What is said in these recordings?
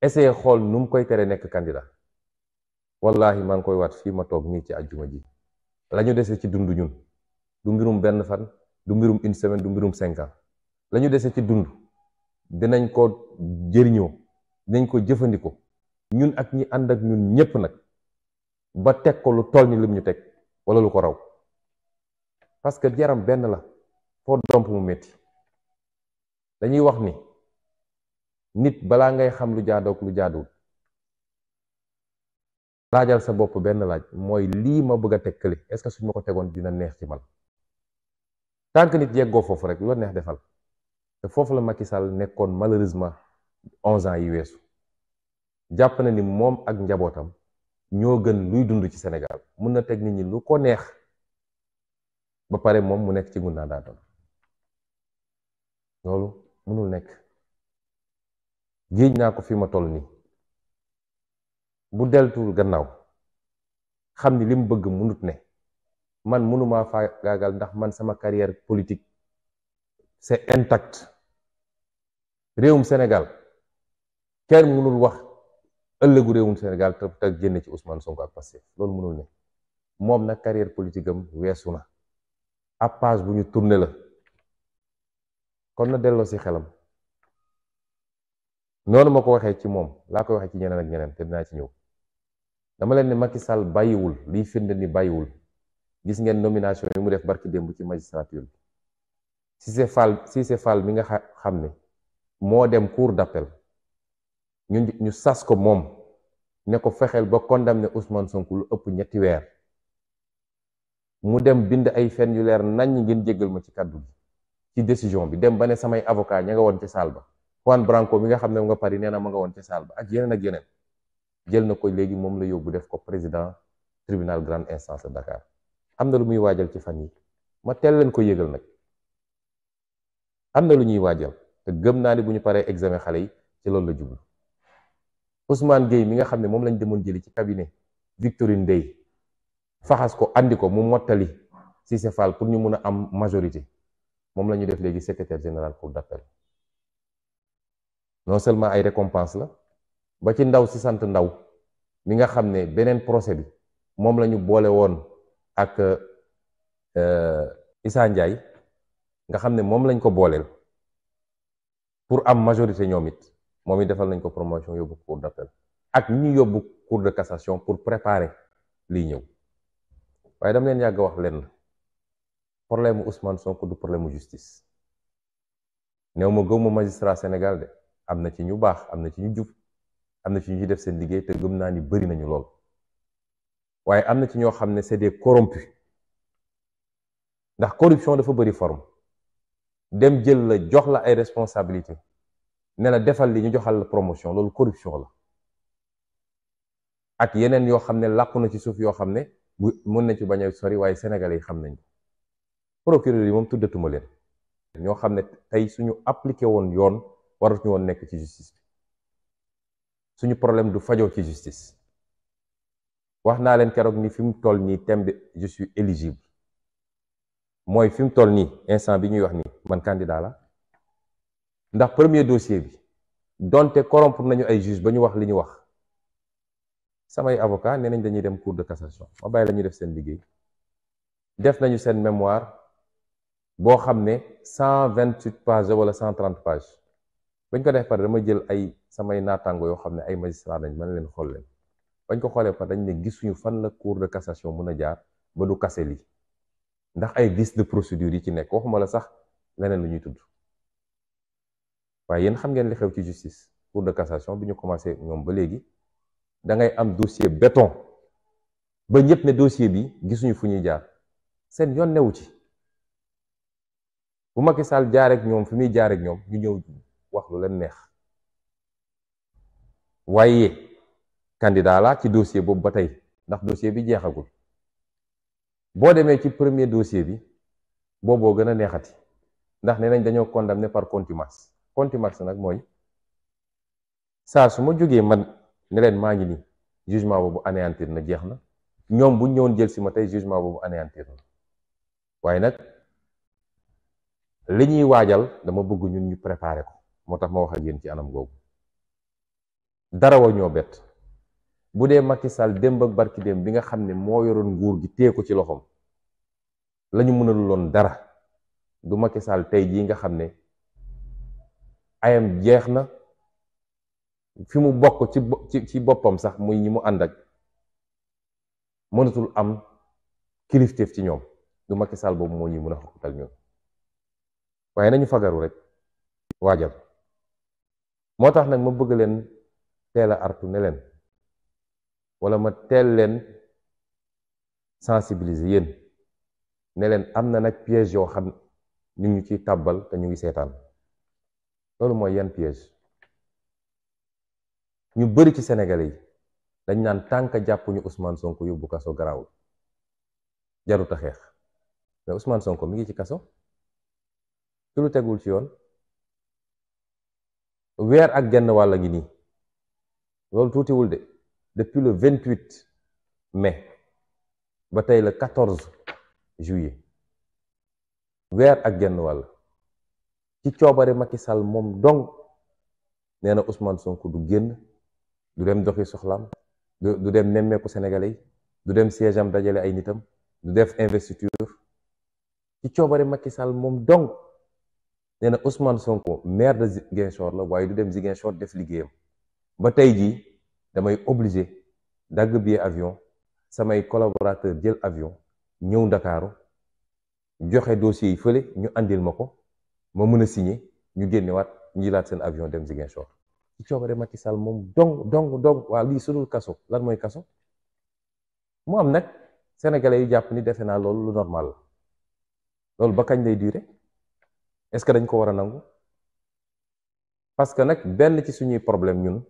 essayé xool nu mu koy tere nekk candidat wallahi maa ngi koy waat fii ma toog nii ci àjjuma ji la ñu dese ci dund ñun du mbirum benn fan du mbirum une semaine du mbirum cinq lañu la dese ci dund dinañ ko jëriñoo dinañ ko jëfandikoo ñun ak ñi ànd ak ñun ñépp nag ba teg ko lu toll ni lim ñu teg wala lu ko raw parce que jaram benn la foo domp mu metti dañuy wax ni nit balaa ngay xam lu jaadoog lu jaaduwul laajal sa bopp benn laaj mooy lii ma bëgg a teg kële est-ce que suñ ma ko tegoon dina neex ci man tànk nit yeggoo foofu rek loo neex defal te foofu la Macky Sall nekkoon malheureusement onze ans yi weesu jàpp na ni moom ak njabootam ñoo gën luy dund ci Sénégal mun na teg nit ñi lu ko neex ba pare moom mu nekk ci ngun naa daa loolu mënul nekk géej naa ko fi ma toll nii bu deltuwul gannaaw xam ni li mu bëgg munut ne man mënumaa faagaagal ndax man sama carrière politik c'est intact réewum Sénégal kenn mënul wax ëllëgu réewum Sénégal te te génn ci Ousmane Sonko ak Pastef loolu mënul ne moom nag carrière politique am weesu na ab page bu ñu tourné la kon na delloo si xelam noonu ma ko waxee ci moom laa koy waxee ci ñeneen ak ñeneen te dinaa ci ñëw dama leen ne Macky Sall bàyyiwul liy firnde ni bàyyiwul gis ngeen nomination yi mu def barki démb ci magistrature bi Cissé Fall Cissé Fall mi nga xam ne moo dem cour d'appel ñu sas ko moom ne ko fexeel ba condamné Ousmane Sonko lu ëpp ñetti weer mu dem bind ay fen yu leer nañ ngeen jéggal ma ci kàddu gi ci décision bi dem ba ne samay avocat ña nga woon ci saal ba Juan Branco mi nga xam ne mu nga Paris nee na ma nga woon ca saal ba ak yeneen ak yeneen jël na ko léegi moom la yóbbu def ko président tribunal grande instance de Dakar am na lu muy waajal ci fan yi ma teel ko yëgal nag am na lu ñuy waajal te gëm naa ni bu ñu paree examen xale yi ci loolu la jublu Ousmane Gueye mi nga xam ne moom lañ demoon jëli ci cabinet Victorine Ndeye faxas ko andi ko mu mottali Cissé Fall pour ñu mun a am majorité moom la ñu def léegi secrétaire général cour d'appel non seulement ay récompense la ba ci ndaw si sant ndaw mi nga xam ne beneen procès bi moom la ñu boole woon ak euh, Issa Ndiaye nga xam ne moom lañ ko booleel pour am majorité ñoom it moom it defal nañ ko promotion yóbbu cour d'appel ak ñi ñu yóbbu cour de cassation pour préparer lii ñëw waaye dama leen yàgg wax leen problème mu Ousmane Sonko du problème mu justice néew ma gëw ma magistrat Sénégal de. am na ci ñu baax am na ci ñu jub am na ci ñu def seen liggéey te gëm naa ni bëri nañu lool waaye am na ci ñoo xam ne c'est des corrompus ndax corruption dafa bari forme dem jël la jox la ay responsabilité ne la defal li ñu joxal la promotion loolu corruption la ak yeneen yoo xam ne làqu na ci suuf yoo xam ne bu mën na ci bañ a sori waaye sénégalais yi xam nañ ko procureur yi moom tuddatuma leen ñoo xam ne tey suñu appliqué woon yoon waratuñu woon nekk ci justice bi suñu problème du fajoo ci justice wax naa leen keroog ni fi mu toll nii thème bi je éligible mooy fi mu toll nii instant bi ñuy wax nii man candidat la ndax premier dossier bi donte corrompre nañu ay juge ba ñu wax li ñu wax samay avocat nee nañ dañuy dem cour de cassation ma bàyyi la def seen liggéey def nañu seen mémoire boo xam ne cent vingt huit pages wala cent trente bañ ko def pare dama jël ay samay naataango yoo xam ne ay magistrat lañ mën leen xool leen bañ ko xoolee pare dañ ne gisuñu fan la cour de cassation mën a jaar ba du kase lii ndax ay vices de procédure yi ci nekk waxuma la sax leneen lu ñuy tudd waaye yéen xam ngeen li xew ci justice cour de cassation bi ñu commencé ñoom ba léegi da ngay am dossier béton ba ñëpp ne dossier bi gisuñu fu ñuy jaar seen yoon newu ci bu Macky Sall jaar ak ñoom fi muy jaar ñoom ñu ñëw wax leen neex waaye candidat laa ci dossier boobu ba tey ndax dossier bi jeexagul boo demee ci premier dossier bi booboo gën a neexati ndax nee nañ dañoo condamné par contumace contumace nag mooy saa su ma jógee man ne leen maa ngi nii jugement boobu anéantir na jeex na ñoom bu ñëwoon jël si ma tey jugement boobu anéantir na waaye nag li ñuy waajal dama bëgg ñun ñu préparer ko moo tax ma wax ak yéen ci anam googu dara wa ñoo bett bu dee makki Sall démb ak barki démb bi nga xam ne moo yoroon nguur gi téye ko ci loxoom lañu mënaluloon dara du makki Sall tey jii nga xam ne ayam jeex na fi mu bokk ci boppam sax muy ñi mu ànd ak mënatul am kilifteef ci ñoom du makki Sall boobu moo ñuy mën a xoqatal ñoom waaye nañu fagaru rek waajal moo tax nag ma bëgg leen teel a artu ne leen wala ma teel leen sensibiliser yéen ne am na nag piège yoo xam ñu ngi ciy tàbbal te ñu ngi seetaan loolu mooy yan piège ñu bari ci Sénégalais yi dañ naan tànk jàppuñu Ousmane Sonko yóbbu kaso garaawul jarut xeex mais Ousmane Sonko mi ngi ci kaso ci lu tegul ci yoon. weer ak genn wàll ngi nii loolu tuutiwul de depuis le vingt huit mais ba tey la quatorze juillet weer ak genn wàll ci coobare Macky Sall moom dong nee na Ousmane Sonko du génn du dem doxi soxlaam du du dem nemmeeku Sénégalais yi du dem siège dajale ay nitam du def investiture ci coobare Macky Sall moom dong nee na Ousmane Sonko maire de Ziguinchor la waaye du dem Ziguinchor def liggéeyam ba tey jii damay obligé dagg billet avion samay collaborateur jël avion ñëw ndakaaru joxe dossier yi fële ñu àndil ma ko ma mën a signé ñu génnewaat ñu laat seen avion dem Ziguinchor ci coobare Macky Sall moom dong dong dong waa lii sudul kaso lan mooy kaso mu am nag sénégalais yu jàpp ni defe naa loolu lu normal la loolu ba kañ lay durer est-ce que dañ ko war a nangu parce que nag benn ci suñuy problème ñun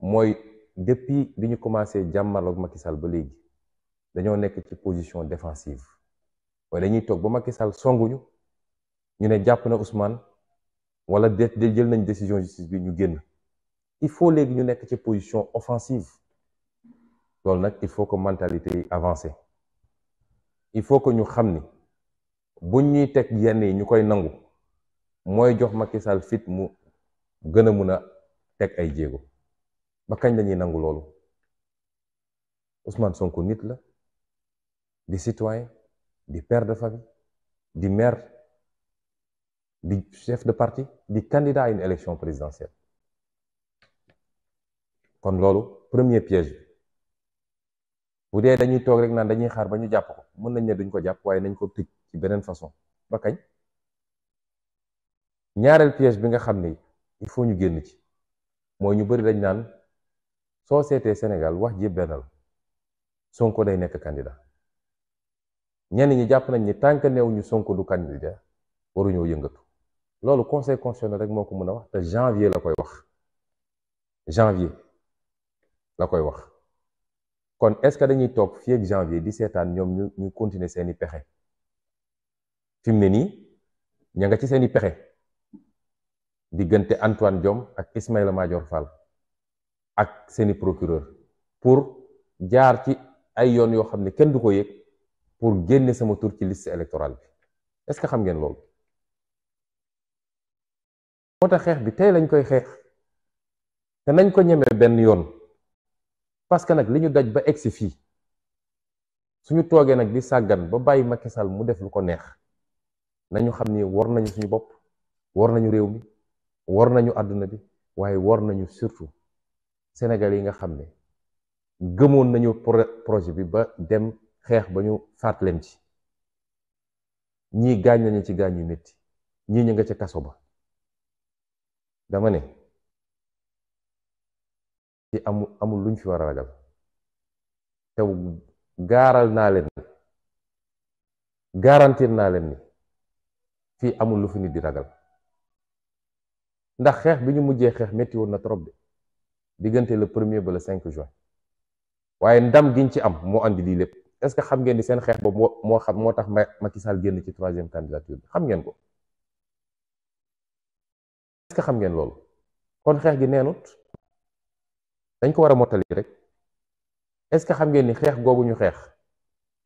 mooy depuis bi ñu commencé jàmmarloog Macky Sall ba léegi dañoo nekk ci position défensive mooy dañuy toog ba Macky Sall songuñu ñu ne jàpp na Ousmane wala de jël nañ décision justice bi ñu génn il faut léegi ñu nekk ci position offensive loolu nag il faut que mentalité yi avancé il faut que ñu xam ni bu ñuy teg yenn yi ñu koy nangu mooy jox Macky Sall fit mu gën a mun a teg ay jéego ba kañ lañuy nangu loolu Ousmane Sonko nit la di citoyen di père de famille di maire di chef de partie di candidat à une élection présidentielle kon loolu premier piège bi bu dee dañuy toog rek naan dañuy xaar ba ñu jàpp ko mën nañ ne duñ ko jàpp waaye nañ koo tëj ci beneen façon ba kañ ñaareel piège bi nga xam ni il faut ñu génn ci mooy ñu bëri dañ naan soo seetee Sénégal wax ji benn la Sonko day nekk candidat ñenn ñi jàpp nañ ñi tant que néew ñu Sonko du candidat waruñoo yëngatu loolu conseil constitutionnel rek moo ko mën a wax te janvier la koy wax janvier la koy wax kon est-ce que dañuy toog fi ak janvier di seetaan ñoom ñu ñu continuer seeni pexe. fi ne nii ña nga ci seeni pexe diggante Antoine Diome ak Ismaïla Madior Fall ak seeni procureur pour jaar ci ay yoon yoo xam ne kenn du ko yëg pour génne sama tur ci liste électorale bi est-ce que xam ngeen loolu moo tax xeex bi tey lañ koy xeex te nañ ko ñemee benn yoon parce que nag li ñu daj ba egsi fii suñu toogee nag di sàggan ba bàyyi ma Sall mu def lu ko neex nañu xam ni war nañu suñu bopp war nañu réew mi war nañu àdduna bi waaye war nañu surtout Sénégal yi nga xam ne gëmoon nañu projet bi ba dem xeex ba ñu faat leen ci ñii gaañ nañu ci gaañ yu metti ñii ñu nga ca kaso ba dama ne ci amul amul luñ fi war a ragal te gaaral naa leen garantir naa leen ni fii amul lu fi nit di ragal ndax xeex bi ñu mujjee xeex métti woon na trop bi diggante la premier ba le cinq juin waaye ndam giñ ci am moo andi lii lépp est-ce que xam ngeen ni seen xeex boobu moo moo xam moo tax Macky Sall génn ci troisième candidature bi xam ngeen ko est xam ngeen loolu kon xeex gi neenut dañ ko war a mottali rek est-ce que xam ngeen ni xeex googu ñu xeex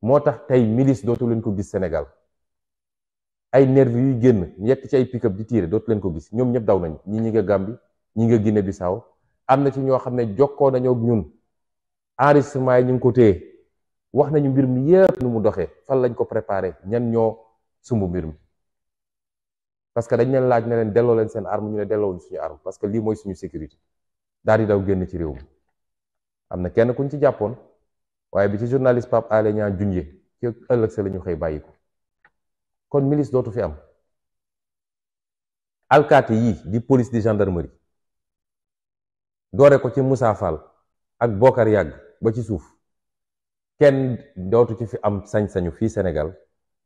moo tax tey milice dootu leen ko gis senegal ay nervi yuy génn yekk ci ay pick-up di tiire dootu leen ko gis ñoom ñëpp daw nañ ñi ñi nga Gàmbi ñi nga Guinée Bissau am na ci ñoo xam ne jokkoo nañoo ak ñun enregistrement yi ñu ngi ko téye wax nañu mbir mi nu mu doxee fan lañ ko préparé ñan ñoo sumb mbir mi parce que dañ laaj ne leen delloo leen seen arme ñu ne delloowuñ suñu arme parce que lii suñu sécurité daal di daw génn ci réew mi am na kenn kuñ ci jàppoon waaye bi ci journaliste Pape Alé Niang junjee ci ëllëg sa la ñu xëy bàyyi kon milice dootu fi am alkaati yi di police di gendarmerie doore ko ci Moussa Fall ak Bokar Yàgg ba ci suuf kenn dootu ci fi am sañ-sañu fii senegal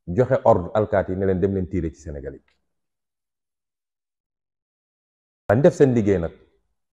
joxe ordre alkaati yi ne leen dem leen tiire ci Sénégal yi dañ def seen liggéey nag